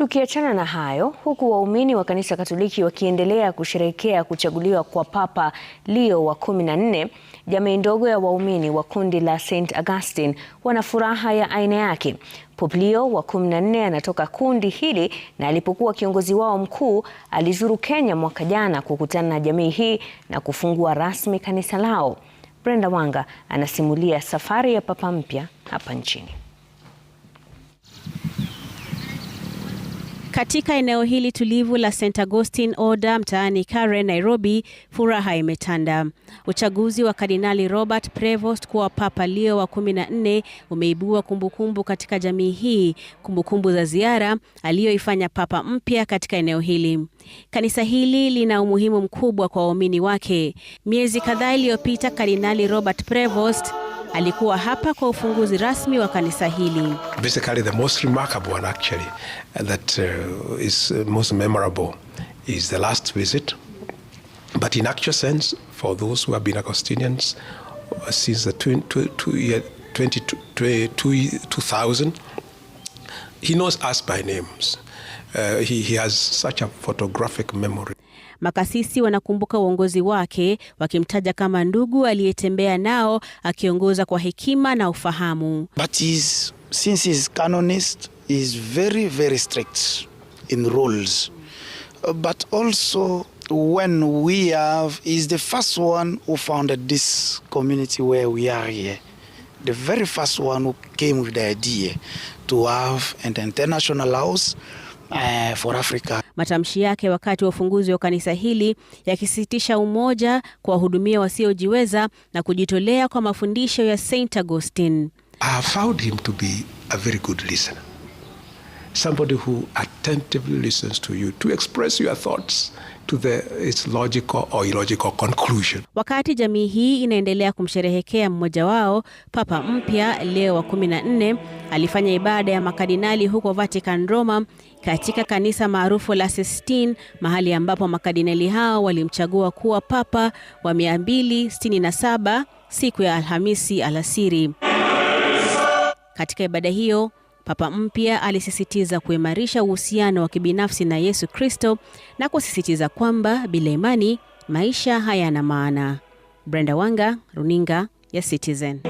Tukiachana na hayo, huku waumini wa kanisa Katoliki wakiendelea kusherehekea kuchaguliwa kwa Papa Leo wa kumi na nne, jamii ndogo ya waumini wa kundi la St Augustine wana furaha ya aina yake. Pope Leo wa kumi na nne anatoka kundi hili na alipokuwa kiongozi wao mkuu alizuru Kenya mwaka jana kukutana na jamii hii na kufungua rasmi kanisa lao. Brenda Wanga anasimulia safari ya Papa mpya hapa nchini. Katika eneo hili tulivu la St Augustine Oda mtaani Karen, Nairobi, furaha imetanda. Uchaguzi wa Kardinali Robert Prevost kuwa Papa Leo wa 14 umeibua kumbukumbu katika jamii hii, kumbukumbu za ziara aliyoifanya Papa mpya katika eneo hili. Kanisa hili lina umuhimu mkubwa kwa waumini wake. Miezi kadhaa iliyopita, Kardinali Robert Prevost alikuwa hapa kwa ufunguzi rasmi wa kanisa hili. Basically the most remarkable one actually that uh, is uh, most memorable is the last visit but in actual sense for those who have been Augustinians uh, since the 2000 he knows us by names uh, he, he has such a photographic memory Makasisi wanakumbuka uongozi wake wakimtaja kama ndugu aliyetembea nao akiongoza kwa hekima na ufahamu. But he's, since he's canonist, he's very, very strict in rules. But also when we have the first one who founded this community where we are here the very first one who came with the idea to have an international house uh, for Africa Matamshi yake wakati wa ufunguzi wa kanisa hili yakisisitisha umoja, kuwahudumia wasiojiweza na kujitolea kwa mafundisho ya St Augustine. I found him to be a very good listener somebody who attentively listens to you to express your thoughts to the, its logical or illogical conclusion. Wakati jamii hii inaendelea kumsherehekea mmoja wao, Papa mpya Leo wa 14 alifanya ibada ya makadinali huko Vatican Roma katika kanisa maarufu la Sistine, mahali ambapo makadinali hao walimchagua kuwa papa wa 267 siku ya Alhamisi alasiri. Katika ibada hiyo Papa mpya alisisitiza kuimarisha uhusiano wa kibinafsi na Yesu Kristo na kusisitiza kwamba bila imani maisha hayana maana. Brenda Wanga, Runinga ya Citizen.